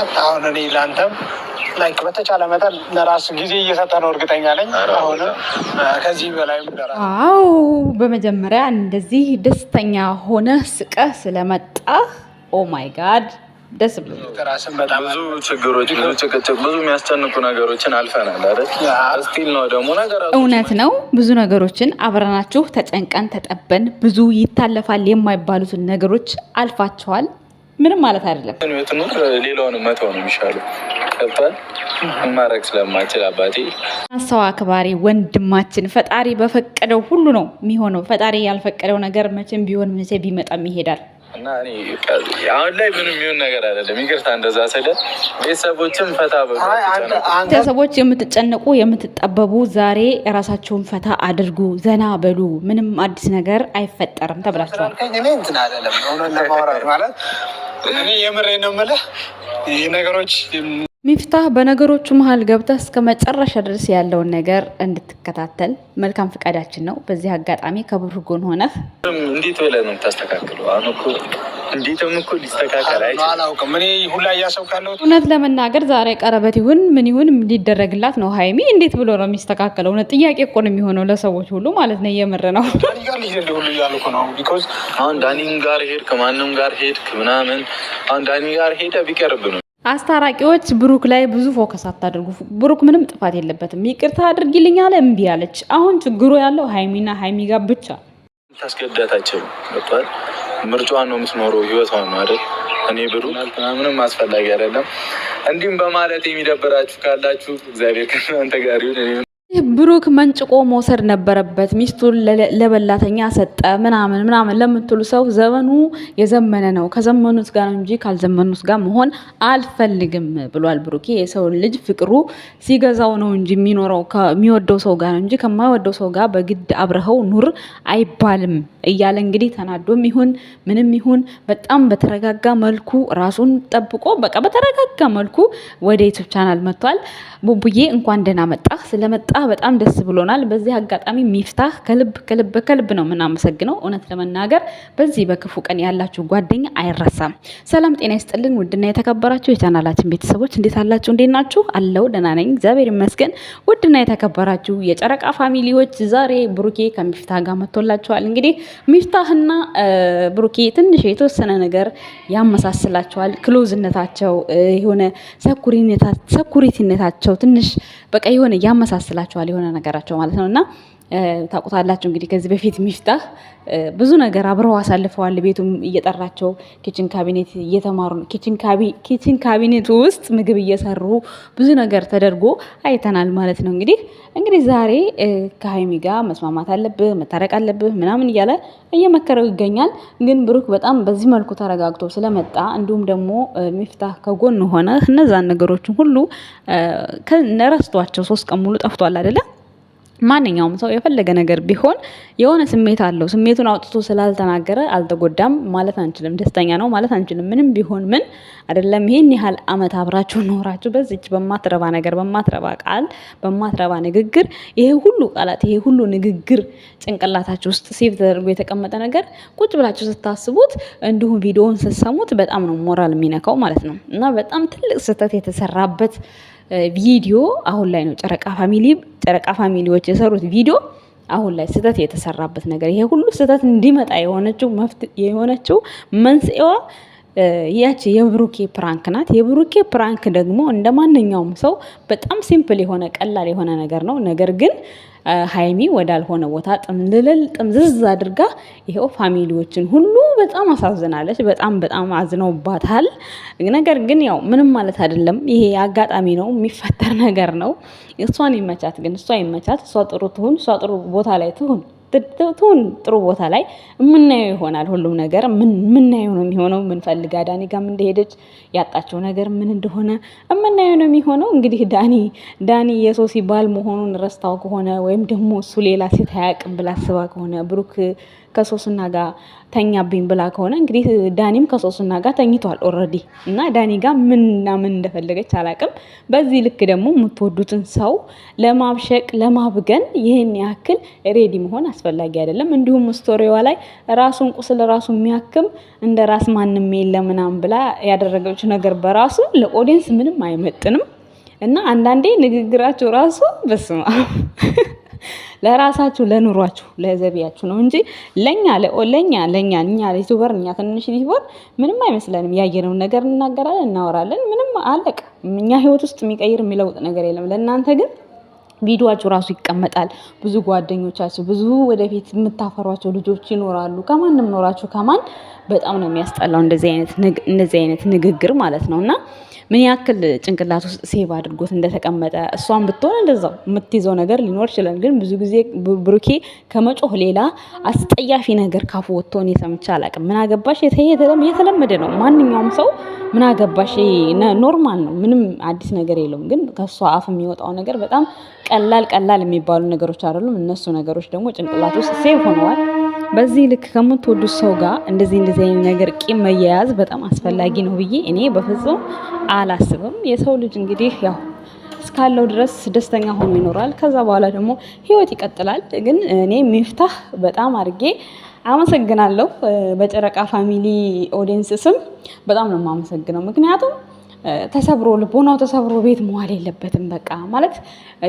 አለን። አሁን እኔ ለአንተም ላይክ በተቻለ መጠን ለራሱ ጊዜ እየሰጠ ነው እርግጠኛ ነኝ። አሁንም ከዚህ በላይ አዎ፣ በመጀመሪያ እንደዚህ ደስተኛ ሆነ ስቀ ስለመጣ ኦ oh ማይ ጋድ ደስ ብሎ ብዙ ችግሮች፣ ብዙ ጭቅጭቅ፣ ብዙ የሚያስጨንቁ ነገሮችን አልፈናል ስቲል ነው ደግሞ እውነት ነው። ብዙ ነገሮችን አብረናችሁ ተጨንቀን ተጠበን ብዙ ይታለፋል የማይባሉትን ነገሮች አልፋቸዋል። ምንም ማለት አይደለም። ሌላውን መተው ነው የሚሻለው። ከባል ማድረግ ስለማችል አባቴ ሰው አክባሪ ወንድማችን፣ ፈጣሪ በፈቀደው ሁሉ ነው የሚሆነው። ፈጣሪ ያልፈቀደው ነገር መቼም ቢሆን መቼ ቢመጣም ይሄዳል። እና አሁን ላይ ምንም ይሁን ነገር አይደለም። ይቅርታ እንደዛ ስለ ቤተሰቦችም ፈታ ቤተሰቦች የምትጨነቁ የምትጠበቡ፣ ዛሬ ራሳቸውን ፈታ አድርጉ፣ ዘና በሉ፣ ምንም አዲስ ነገር አይፈጠርም ተብላችኋል። እኔ እንትን አይደለም ለማውራት ማለት እኔ የምሬ ነው የምልህ ይህ ነገሮች ሚፍታህ በነገሮቹ መሀል ገብተህ እስከ መጨረሻ ድረስ ያለውን ነገር እንድትከታተል መልካም ፈቃዳችን ነው። በዚህ አጋጣሚ ከብሩ ጎን ሆነህ እንዴት ብለህ ነው የምታስተካክለው? አሁን እኮ እንዴትም እኮ ሊስተካከል አላውቅም። እኔ ሁላ እውነት ለመናገር ዛሬ ቀረበት ይሁን ምን ይሁን ሊደረግላት ነው። ሀይሚ እንዴት ብሎ ነው የሚስተካከለው? እውነት ጥያቄ እኮ ነው የሚሆነው ለሰዎች ሁሉ ማለት ነው። እየምር ነው። አሁን ጋር ሄድክ፣ ማንም ጋር ሄድክ ምናምን፣ አሁን ዳኒ ጋር ሄደ ቢቀርብ ነው አስታራቂዎች ብሩክ ላይ ብዙ ፎከስ አታድርጉ። ብሩክ ምንም ጥፋት የለበትም። ይቅርታ አድርጊልኝ አለ፣ እምቢ አለች። አሁን ችግሩ ያለው ሀይሚና ሀይሚ ጋር ብቻ ታስገዳታቸው ይባል። ምርጫዋን ነው የምትኖረው፣ ህይወቷ ነው አይደል? እኔ ብሩክ ምንም አስፈላጊ አይደለም። እንዲሁም በማለት የሚደብራችሁ ካላችሁ እግዚአብሔር ከእናንተ ጋር ይሁን። ብሩክ መንጭቆ መውሰድ ነበረበት። ሚስቱን ለበላተኛ ሰጠ ምናምን ምናምን ለምትሉ ሰው ዘመኑ የዘመነ ነው። ከዘመኑት ጋር እንጂ ካልዘመኑት ጋር መሆን አልፈልግም ብሏል ብሩክ። የሰው ልጅ ፍቅሩ ሲገዛው ነው እንጂ የሚኖረው ከሚወደው ሰው ጋር እንጂ ከማይወደው ሰው ጋር በግድ አብረኸው ኑር አይባልም እያለ እንግዲህ ተናዶም ይሁን ምንም ይሁን በጣም በተረጋጋ መልኩ ራሱን ጠብቆ በቃ በተረጋጋ መልኩ ወደ ዩቱብ ቻናል መጥቷል። ቡቡዬ እንኳን ደህና መጣ ስለመጣ በመምጣት በጣም ደስ ብሎናል። በዚህ አጋጣሚ ሚፍታህ ከልብ ከልብ ከልብ ነው የምናመሰግነው። እውነት ለመናገር በዚህ በክፉ ቀን ያላችሁ ጓደኛ አይረሳም። ሰላም ጤና ይስጥልን። ውድና የተከበራችሁ የቻናላችን ቤተሰቦች እንዴት አላችሁ? እንዴት ናችሁ? አለው ደህና ነኝ እግዚአብሔር ይመስገን። ውድና የተከበራችሁ የጨረቃ ፋሚሊዎች ዛሬ ብሩኬ ከሚፍታህ ጋር መጥቶላችኋል። እንግዲህ ሚፍታህና ብሩኬ ትንሽ የተወሰነ ነገር ያመሳስላቸዋል። ክሎዝነታቸው የሆነ ሰኩሪቲነታቸው ትንሽ በቃ የሆነ ያመሳስላቸው ይመስላቸዋል የሆነ ነገራቸው ማለት ነው እና ታውቁታላችሁ እንግዲህ ከዚህ በፊት ሚፍታህ ብዙ ነገር አብረው አሳልፈዋል። ቤቱም እየጠራቸው ኪችን ካቢኔት እየተማሩ ኪችን ካቢኔቱ ውስጥ ምግብ እየሰሩ ብዙ ነገር ተደርጎ አይተናል ማለት ነው። እንግዲህ እንግዲህ ዛሬ ከሀይሚ ጋር መስማማት አለብህ መታረቅ አለብህ ምናምን እያለ እየመከረው ይገኛል። ግን ብሩክ በጣም በዚህ መልኩ ተረጋግቶ ስለመጣ እንዲሁም ደግሞ ሚፍታህ ከጎን ሆነ እነዛን ነገሮችን ሁሉ ረስቷቸው ሶስት ቀን ሙሉ ጠፍቷል አይደለም ማንኛውም ሰው የፈለገ ነገር ቢሆን የሆነ ስሜት አለው። ስሜቱን አውጥቶ ስላልተናገረ አልተጎዳም ማለት አንችልም። ደስተኛ ነው ማለት አንችልም። ምንም ቢሆን ምን አይደለም። ይህን ያህል ዓመት አብራችሁ ኖራችሁ በዚች በማትረባ ነገር፣ በማትረባ ቃል፣ በማትረባ ንግግር ይሄ ሁሉ ቃላት፣ ይሄ ሁሉ ንግግር ጭንቅላታችሁ ውስጥ ሴቭ ተደርጎ የተቀመጠ ነገር ቁጭ ብላችሁ ስታስቡት፣ እንዲሁም ቪዲዮውን ስትሰሙት በጣም ነው ሞራል የሚነካው ማለት ነው እና በጣም ትልቅ ስህተት የተሰራበት ቪዲዮ አሁን ላይ ነው ጨረቃ ፋሚሊ ጨረቃ ፋሚሊዎች የሰሩት ቪዲዮ አሁን ላይ ስህተት የተሰራበት ነገር ይሄ ሁሉ ስህተት እንዲመጣ የሆነችው መንስኤዋ ያቺ የብሩኬ ፕራንክ ናት። የብሩኬ ፕራንክ ደግሞ እንደ ማንኛውም ሰው በጣም ሲምፕል የሆነ ቀላል የሆነ ነገር ነው። ነገር ግን ሀይሚ ወዳልሆነ ቦታ ጥምልልል ጥምዝዝ አድርጋ ይኸው ፋሚሊዎችን ሁሉ በጣም አሳዝናለች። በጣም በጣም አዝነውባታል። ነገር ግን ያው ምንም ማለት አይደለም። ይሄ አጋጣሚ ነው፣ የሚፈጠር ነገር ነው። እሷን ይመቻት፣ ግን እሷ ይመቻት። እሷ ጥሩ ትሁን፣ እሷ ጥሩ ቦታ ላይ ትሁን። ትሁን ጥሩ ቦታ ላይ የምናየው ይሆናል። ሁሉም ነገር የምናየው ነው የሚሆነው። ፈልጋ ዳኒ ጋም እንደሄደች ያጣቸው ነገር ምን እንደሆነ የምናየው ነው የሚሆነው። እንግዲህ ዳኒ ዳኒ የሶሲ ባል መሆኑን ረስታው ከሆነ ወይም ደግሞ እሱ ሌላ ሴት አያውቅም ብላ አስባ ከሆነ ብሩክ ከሶስና ጋር ተኛብኝ ብላ ከሆነ እንግዲህ ዳኒም ከሶስና ጋር ተኝቷል ኦልሬዲ እና ዳኒ ጋር ምንና ምን እንደፈለገች አላቅም። በዚህ ልክ ደግሞ የምትወዱትን ሰው ለማብሸቅ ለማብገን ይህን ያክል ሬዲ መሆን አስፈላጊ አይደለም። እንዲሁም ስቶሪዋ ላይ ራሱን ቁስል ራሱ የሚያክም እንደ ራስ ማንም የለም ምናምን ብላ ያደረገች ነገር በራሱ ለኦዲየንስ ምንም አይመጥንም እና አንዳንዴ ንግግራቸው ራሱ በስማ ለራሳችሁ ለኑሯችሁ ለዘቢያችሁ ነው እንጂ ለኛ ለኛ ለኛ እኛ ዩቱበር እኛ ትንሽ ሊሆን ምንም አይመስለንም። ያየነውን ነገር እናገራለን፣ እናወራለን። ምንም አለቀ። እኛ ህይወት ውስጥ የሚቀይር የሚለውጥ ነገር የለም። ለእናንተ ግን ቪዲዮአችሁ ራሱ ይቀመጣል። ብዙ ጓደኞቻችሁ፣ ብዙ ወደፊት የምታፈሯቸው ልጆች ይኖራሉ። ከማንም ኖራችሁ ከማን በጣም ነው የሚያስጠላው እንደዚህ አይነት ንግግር ማለት ነው እና ምን ያክል ጭንቅላት ውስጥ ሴቭ አድርጎት እንደተቀመጠ እሷን ብትሆን እንደዛው የምትይዘው ነገር ሊኖር ይችላል። ግን ብዙ ጊዜ ብሩኬ ከመጮህ ሌላ አስጠያፊ ነገር ካፉ ወጥቶ እኔ ሰምቼ አላውቅም። ምን አገባሽ የተለመደ ነው። ማንኛውም ሰው ምን አገባሽ ኖርማል ነው። ምንም አዲስ ነገር የለውም። ግን ከእሷ አፍ የሚወጣው ነገር በጣም ቀላል ቀላል የሚባሉ ነገሮች አይደሉም። እነሱ ነገሮች ደግሞ ጭንቅላት ውስጥ ሴቭ ሆነዋል። በዚህ ልክ ከምትወዱት ሰው ጋር እንደዚህ እንደዚህ አይነት ነገር ቂም መያያዝ በጣም አስፈላጊ ነው ብዬ እኔ በፍጹም አላስብም። የሰው ልጅ እንግዲህ ያው እስካለው ድረስ ደስተኛ ሆኖ ይኖራል። ከዛ በኋላ ደግሞ ህይወት ይቀጥላል። ግን እኔ ሚፍታህ በጣም አድርጌ አመሰግናለሁ። በጨረቃ ፋሚሊ ኦዲየንስ ስም በጣም ነው የማመሰግነው ምክንያቱም ተሰብሮ ልቦናው ተሰብሮ ቤት መዋል የለበትም። በቃ ማለት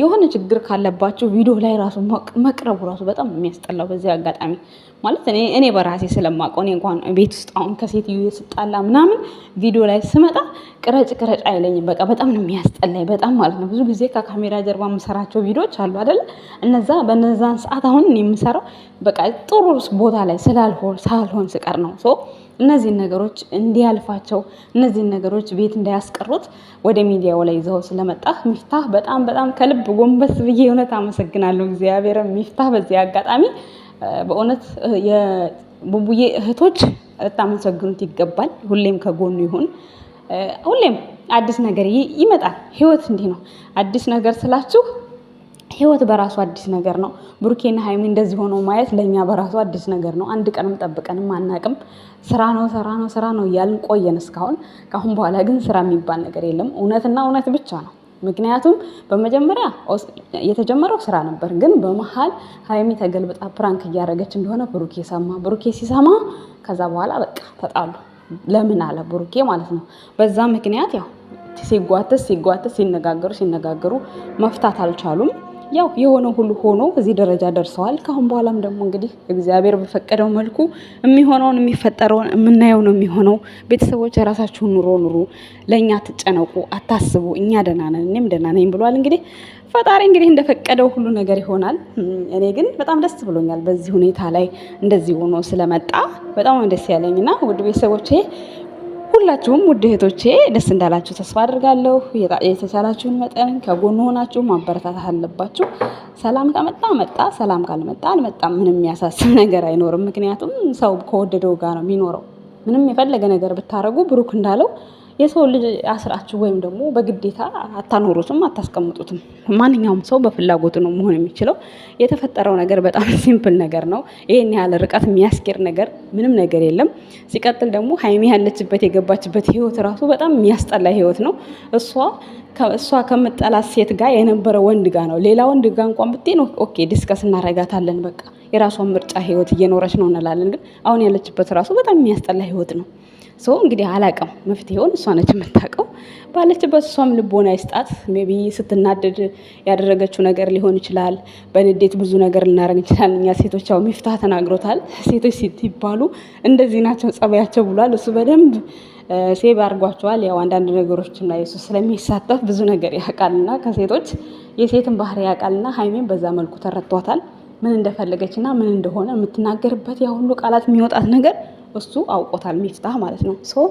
የሆነ ችግር ካለባቸው ቪዲዮ ላይ ራሱ መቅረቡ ራሱ በጣም የሚያስጠላው በዚህ አጋጣሚ ማለት እኔ እኔ በራሴ ስለማውቀው እኔ እንኳን ቤት ውስጥ አሁን ከሴትዮ ስጣላ ምናምን ቪዲዮ ላይ ስመጣ ቅረጭ ቅረጭ አይለኝም። በቃ በጣም ነው የሚያስጠላኝ፣ በጣም ማለት ነው። ብዙ ጊዜ ከካሜራ ጀርባ የምሰራቸው ቪዲዮዎች አሉ አይደለ? እነዛ በነዛን ሰዓት አሁን የምሰራው በቃ ጥሩ ቦታ ላይ ስላልሆን ሳልሆን ስቀር ነው። ሶ እነዚህን ነገሮች እንዲያልፋቸው እነዚህን ነገሮች ቤት እንዳያስቀሩት ወደ ሚዲያው ላይ ይዘው ስለመጣህ ሚፍታህ በጣም በጣም ከልብ ጎንበስ ብዬ እውነት አመሰግናለሁ። እግዚአብሔር ሚፍታህ በዚህ አጋጣሚ በእውነት የቡቡዬ እህቶች ልታመሰግኑት ይገባል። ሁሌም ከጎኑ ይሁን። ሁሌም አዲስ ነገር ይመጣል። ህይወት እንዲህ ነው። አዲስ ነገር ስላችሁ ህይወት በራሱ አዲስ ነገር ነው። ብሩኬና ሀይሚ እንደዚህ ሆነው ማየት ለእኛ በራሱ አዲስ ነገር ነው። አንድ ቀንም ጠብቀንም አናቅም። ስራ ነው ስራ ነው ስራ ነው እያልን ቆየን እስካሁን። ከአሁን በኋላ ግን ስራ የሚባል ነገር የለም። እውነትና እውነት ብቻ ነው። ምክንያቱም በመጀመሪያ የተጀመረው ስራ ነበር፣ ግን በመሀል ሀይሚ ተገልብጣ ፕራንክ እያደረገች እንደሆነ ብሩኬ ሰማ። ብሩኬ ሲሰማ ከዛ በኋላ በቃ ተጣሉ። ለምን አለ ብሩኬ ማለት ነው። በዛ ምክንያት ያው ሲጓተስ ሲጓተስ ሲነጋገሩ ሲነጋገሩ መፍታት አልቻሉም። ያው የሆነው ሁሉ ሆኖ እዚህ ደረጃ ደርሰዋል። ከአሁን በኋላም ደግሞ እንግዲህ እግዚአብሔር በፈቀደው መልኩ የሚሆነውን የሚፈጠረውን የምናየው ነው የሚሆነው። ቤተሰቦች የራሳችሁን ኑሮ ኑሩ፣ ለእኛ ትጨነቁ አታስቡ፣ እኛ ደህና ነን፣ እኔም ደህና ነኝ ብሏል። እንግዲህ ፈጣሪ እንግዲህ እንደፈቀደው ሁሉ ነገር ይሆናል። እኔ ግን በጣም ደስ ብሎኛል በዚህ ሁኔታ ላይ እንደዚህ ሆኖ ስለመጣ በጣም ደስ ያለኝና ውድ ቤተሰቦች ሁላችሁም ውድ እህቶቼ ደስ እንዳላችሁ ተስፋ አድርጋለሁ። የተቻላችሁን መጠን ከጎኑ ሆናችሁ ማበረታታት አለባችሁ። ሰላም ከመጣ መጣ፣ ሰላም ካልመጣ አልመጣም። ምንም የሚያሳስብ ነገር አይኖርም። ምክንያቱም ሰው ከወደደው ጋር ነው የሚኖረው። ምንም የፈለገ ነገር ብታረጉ ብሩክ እንዳለው የሰው ልጅ አስራችሁ ወይም ደግሞ በግዴታ አታኖሩትም፣ አታስቀምጡትም። ማንኛውም ሰው በፍላጎቱ ነው መሆን የሚችለው። የተፈጠረው ነገር በጣም ሲምፕል ነገር ነው። ይህን ያህል ርቀት የሚያስኬር ነገር ምንም ነገር የለም። ሲቀጥል ደግሞ ሀይሚ ያለችበት የገባችበት ህይወት ራሱ በጣም የሚያስጠላ ህይወት ነው። እሷ እሷ ከምጠላት ሴት ጋር የነበረ ወንድ ጋር ነው። ሌላ ወንድ ጋር እንኳን ብትን ኦኬ ዲስከስ እናረጋታለን፣ በቃ የራሷን ምርጫ ህይወት እየኖረች ነው እንላለን። ግን አሁን ያለችበት ራሱ በጣም የሚያስጠላ ህይወት ነው። ሰው እንግዲህ አላቅም መፍትሄውን እሷ ነች የምታውቀው። ባለችበት እሷም ልቦና ይስጣት። ሜቢ ስትናደድ ያደረገችው ነገር ሊሆን ይችላል። በንዴት ብዙ ነገር ልናደርግ ይችላል። እኛ ሴቶች ያው ሚፍታ ተናግሮታል። ሴቶች ሲባሉ እንደዚህ ናቸው ጸባያቸው ብሏል። እሱ በደንብ ሴብ አድርጓቸዋል። ያው አንዳንድ ነገሮችም ላይ እሱ ስለሚሳተፍ ብዙ ነገር ያውቃልና ከሴቶች የሴትን ባህሪ ያውቃልና ሀይሜን በዛ መልኩ ተረቷታል። ምን እንደፈለገችና ምን እንደሆነ የምትናገርበት ያ ሁሉ ቃላት የሚወጣት ነገር እሱ አውቆታል፣ ሚፍታህ ማለት ነው። ሶ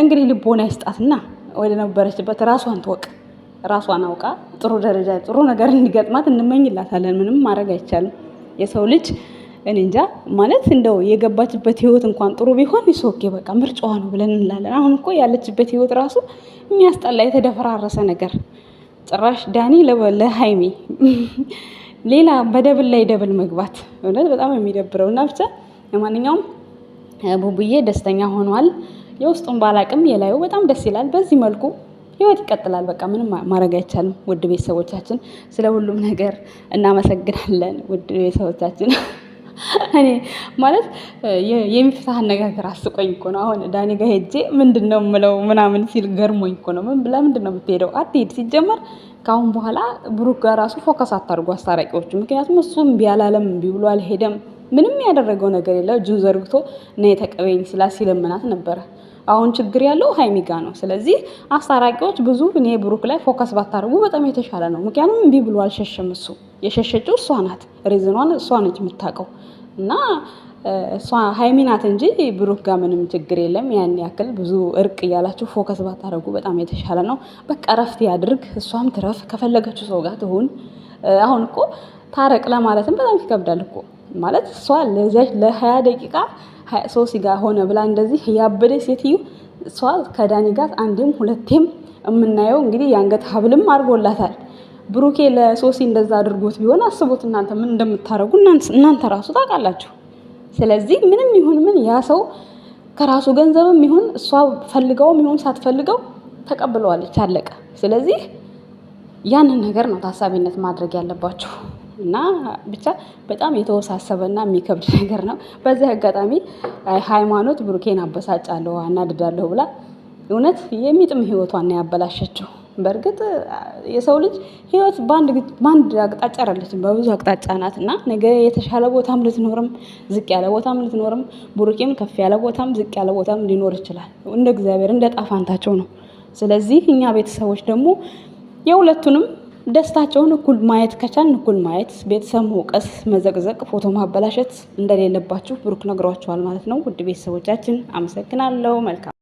እንግዲህ ልቦና ይስጣትና ወደ ነበረችበት ራሷን ትወቅ፣ ራሷን አውቃ ጥሩ ደረጃ ጥሩ ነገር እንዲገጥማት እንመኝላታለን። ምንም ማድረግ አይቻልም። የሰው ልጅ እኔ እንጃ ማለት እንደው የገባችበት ህይወት እንኳን ጥሩ ቢሆን ይሶኬ በቃ ምርጫዋ ነው ብለን እንላለን። አሁን እኮ ያለችበት ህይወት ራሱ የሚያስጠላ የተደፈራረሰ ነገር ጭራሽ ዳኒ ለሀይሜ ሌላ በደብል ላይ ደብል መግባት እውነት በጣም የሚደብረው እና ብቻ ለማንኛውም ቡቡዬ ደስተኛ ሆኗል። የውስጡን ባላቅም የላዩ በጣም ደስ ይላል። በዚህ መልኩ ህይወት ይቀጥላል። በቃ ምንም ማድረግ አይቻልም። ውድ ቤተሰቦቻችን ስለ ሁሉም ነገር እናመሰግናለን። ውድ ቤተሰቦቻችን እኔ ማለት የሚፍታህ አነጋገር አስቆኝ እኮ ነው። አሁን ዳኒ ሄጄ ምንድን ነው ምለው ምናምን ሲል ገርሞኝ እኮ ነው። ምን ለምንድን ነው የምትሄደው? አትሄድ። ሲጀመር ከአሁን በኋላ ብሩክ ጋር ራሱ ፎከስ አታድርጉ አስታራቂዎቹ። ምክንያቱም እሱ እምቢ አላለም፣ እምቢ ብሎ አልሄደም። ምንም ያደረገው ነገር የለው እጁን ዘርግቶ እና የተቀበኝ ስላ ሲለምናት ነበረ። አሁን ችግር ያለው ሀይሚ ጋ ነው። ስለዚህ አስታራቂዎች ብዙ እኔ ብሩክ ላይ ፎከስ ባታደርጉ በጣም የተሻለ ነው። ምክንያቱም እምቢ ብሎ አልሸሸም። እሱ የሸሸችው እሷ ናት። ሬዝኗን እሷ ነች የምታውቀው እና እሷ ሀይሚ ናት እንጂ ብሩክ ጋር ምንም ችግር የለም። ያን ያክል ብዙ እርቅ እያላችሁ ፎከስ ባታደርጉ በጣም የተሻለ ነው። በቃ ረፍት ያድርግ፣ እሷም ትረፍ፣ ከፈለገችው ሰው ጋር ትሁን። አሁን እኮ ታረቅ ለማለትም በጣም ይከብዳል እኮ ማለት እሷ ለዚያች ለሀያ ደቂቃ ሶሲ ጋር ሆነ ብላ እንደዚህ ያበደች ሴትዮ እሷ ከዳኒ ጋር አንዴም ሁለቴም የምናየው እንግዲህ የአንገት ሀብልም አድርጎላታል። ብሩኬ ለሶሲ እንደዛ አድርጎት ቢሆን አስቦት እናንተ ምን እንደምታደርጉ እናንተ ራሱ ታውቃላችሁ። ስለዚህ ምንም ይሁን ምን ያ ሰው ከራሱ ገንዘብም ይሁን እሷ ፈልገውም ይሁን ሳትፈልገው ተቀብለዋለች፣ አለቀ። ስለዚህ ያንን ነገር ነው ታሳቢነት ማድረግ ያለባችሁ። እና ብቻ በጣም የተወሳሰበና የሚከብድ ነገር ነው። በዚህ አጋጣሚ ሃይማኖት ብሩኬን አበሳጫለሁ አናድዳለሁ ብላ እውነት የሚጥም ህይወቷን ያበላሸችው። በእርግጥ የሰው ልጅ ህይወት በአንድ አቅጣጫ አይደለችም፣ በብዙ አቅጣጫ ናት እና ነገ የተሻለ ቦታም ልትኖርም ዝቅ ያለ ቦታም ልትኖርም፣ ብሩኬም ከፍ ያለ ቦታም ዝቅ ያለ ቦታም ሊኖር ይችላል። እንደ እግዚአብሔር እንደ ጣፋንታቸው ነው። ስለዚህ እኛ ቤተሰቦች ደግሞ የሁለቱንም ደስታቸውን እኩል ማየት ከቻልን እኩል ማየት፣ ቤተሰብ መውቀስ፣ መዘቅዘቅ፣ ፎቶ ማበላሸት እንደሌለባችሁ ብሩክ ነግሯችኋል ማለት ነው። ውድ ቤተሰቦቻችን አመሰግናለሁ። መልካም